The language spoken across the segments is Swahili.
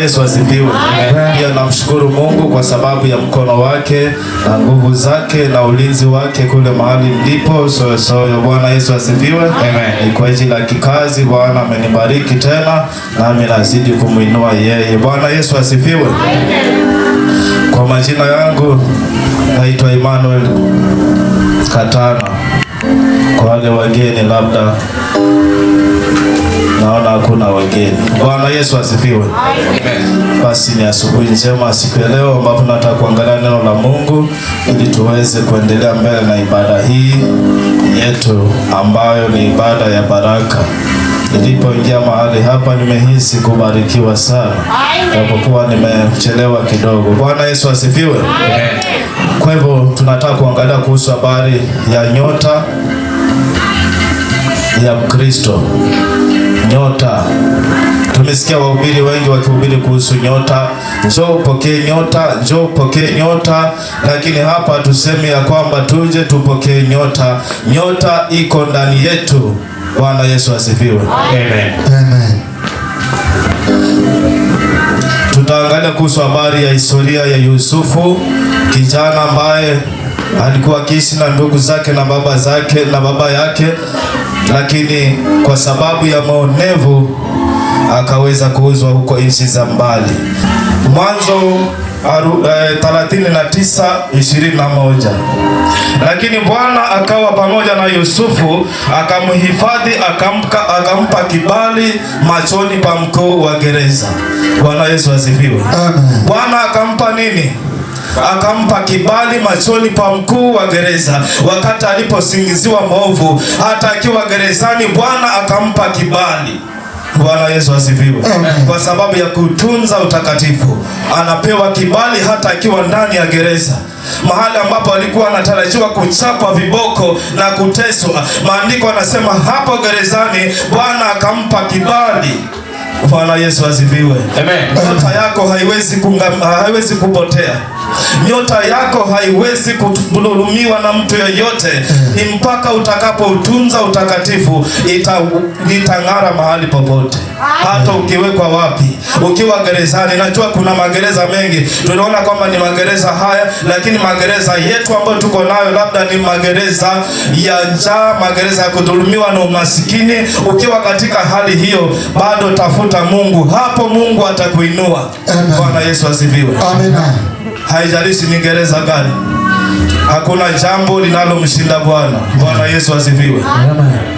Yesu asifiwe. Pia namshukuru Mungu kwa sababu ya mkono wake na nguvu zake na ulinzi wake kule mahali ndipo soyosoyo. Bwana Yesu asifiwe. Amen. Kwa ajili ya kikazi Bwana amenibariki tena, nami nazidi kumwinua yeye. Bwana Yesu asifiwe. Amen. Kwa majina yangu naitwa Emmanuel Katana. Kwa wale wageni labda naona hakuna wageni. Bwana Yesu asifiwe. Basi ni asubuhi njema siku ya leo ambapo nataka kuangalia neno la Mungu ili tuweze kuendelea mbele na ibada hii yetu ambayo ni ibada ya baraka. Nilipoingia mahali hapa nimehisi kubarikiwa sana, japokuwa nimechelewa kidogo. Bwana Yesu asifiwe. Kwa hivyo tunataka kuangalia kuhusu habari ya nyota ya Kristo, nyota Tumesikia wahubiri wengi wakihubiri kuhusu nyota, njoo upokee nyota, njoo upokee nyota, lakini hapa tuseme ya kwamba tuje tupokee nyota. Nyota iko ndani yetu. Bwana Yesu asifiwe. Amen. Amen. Tutaangalia kuhusu habari ya historia ya Yusufu, kijana ambaye alikuwa akiishi na ndugu zake na baba zake na baba yake, lakini kwa sababu ya maonevu akaweza kuuzwa huko nchi za mbali. Mwanzo eh, Lakini Bwana akawa pamoja na Yusufu akamhifadhi, akampa, akampa kibali machoni pa mkuu wa gereza. Bwana Yesu asifiwe. Amen. Bwana akampa nini? akampa kibali machoni pa mkuu wa gereza. Wakati aliposingiziwa maovu, hata akiwa gerezani, Bwana akampa kibali Bwana Yesu asifiwe. Kwa sababu ya kutunza utakatifu, anapewa kibali hata akiwa ndani ya gereza, mahali ambapo alikuwa anatarajiwa kuchapwa viboko na kuteswa. Maandiko anasema hapo gerezani Bwana akampa kibali. Bwana Yesu asifiwe. Amen. yako haiwezi, haiwezi kupotea. Nyota yako haiwezi kudhulumiwa na mtu yeyote, ni mpaka utakapotunza utakatifu, ita, itang'ara mahali popote, hata ukiwekwa wapi, ukiwa gerezani. Najua kuna magereza mengi, tunaona kwamba ni magereza haya, lakini magereza yetu ambayo tuko nayo labda ni magereza ya njaa, magereza ya kudhulumiwa na umasikini. Ukiwa katika hali hiyo, bado tafuta Mungu, hapo Mungu atakuinua. Bwana Yesu asifiwe haijalishi ni gereza gani. Hakuna jambo linalomshinda Bwana. Bwana Yesu asifiwe.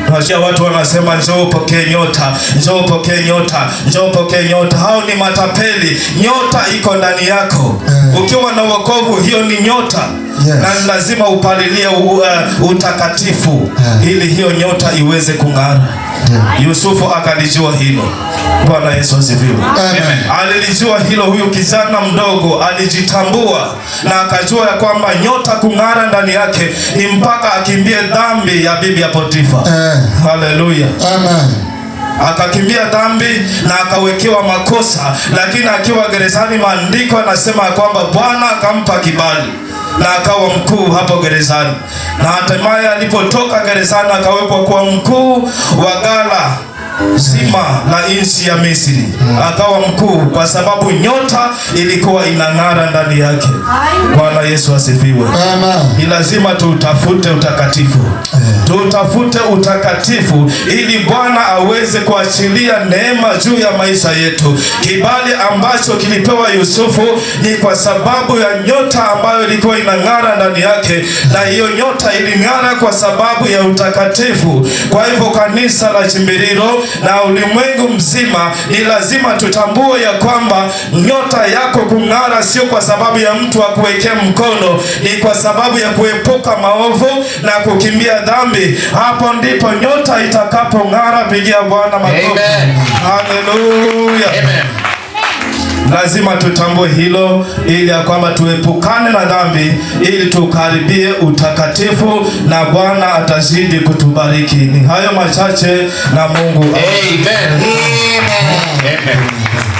Tunasikia watu wanasema njoo pokee nyota, njoo pokee nyota, njoo pokee nyota. Hao ni matapeli, nyota iko ndani yako. Amen. Ukiwa na wokovu, hiyo ni nyota yes. Na lazima upalilie uh, utakatifu yeah. Ili hiyo nyota iweze kung'ara yeah. Yusufu akalijua hilo. Bwana Yesu asifiwe. Alilijua hilo, huyu kijana mdogo alijitambua na akajua ya kwamba nyota kung'ara ndani yake ni mpaka akimbie dhambi ya bibi ya Potifa. Eh. Haleluya, amen akakimbia dhambi na akawekewa makosa, lakini akiwa gerezani, maandiko anasema kwamba Bwana akampa kibali na akawa mkuu hapo gerezani, na hatimaye alipotoka gerezani akawekwa kuwa mkuu wa gala zima la nchi ya Misri, akawa mkuu kwa sababu nyota ilikuwa inang'ara ndani yake. Bwana Yesu asifiwe. Ni lazima tutafute utakatifu, eh. tutafute utakatifu ili Bwana aweze kuachilia neema juu ya maisha yetu. Kibali ambacho kilipewa Yusufu ni kwa sababu ya nyota ambayo ilikuwa inang'ara ndani yake, na hiyo nyota iling'ara kwa sababu ya utakatifu. Kwa hivyo kanisa la Chimbiriro na ulimwengu mzima, ni lazima tutambue ya kwamba nyota yako kung'ara sio kwa sababu ya mtu akuwekea mkono, ni kwa sababu ya kuepuka maovu na kukimbia dhambi. Hapo ndipo nyota itakapong'ara. Pigia Bwana makofi. Haleluya. Lazima tutambue hilo, ili ya kwamba tuepukane na dhambi, ili tukaribie utakatifu, na Bwana atazidi kutubariki. Ni hayo machache na Mungu Amen. Amen. Amen.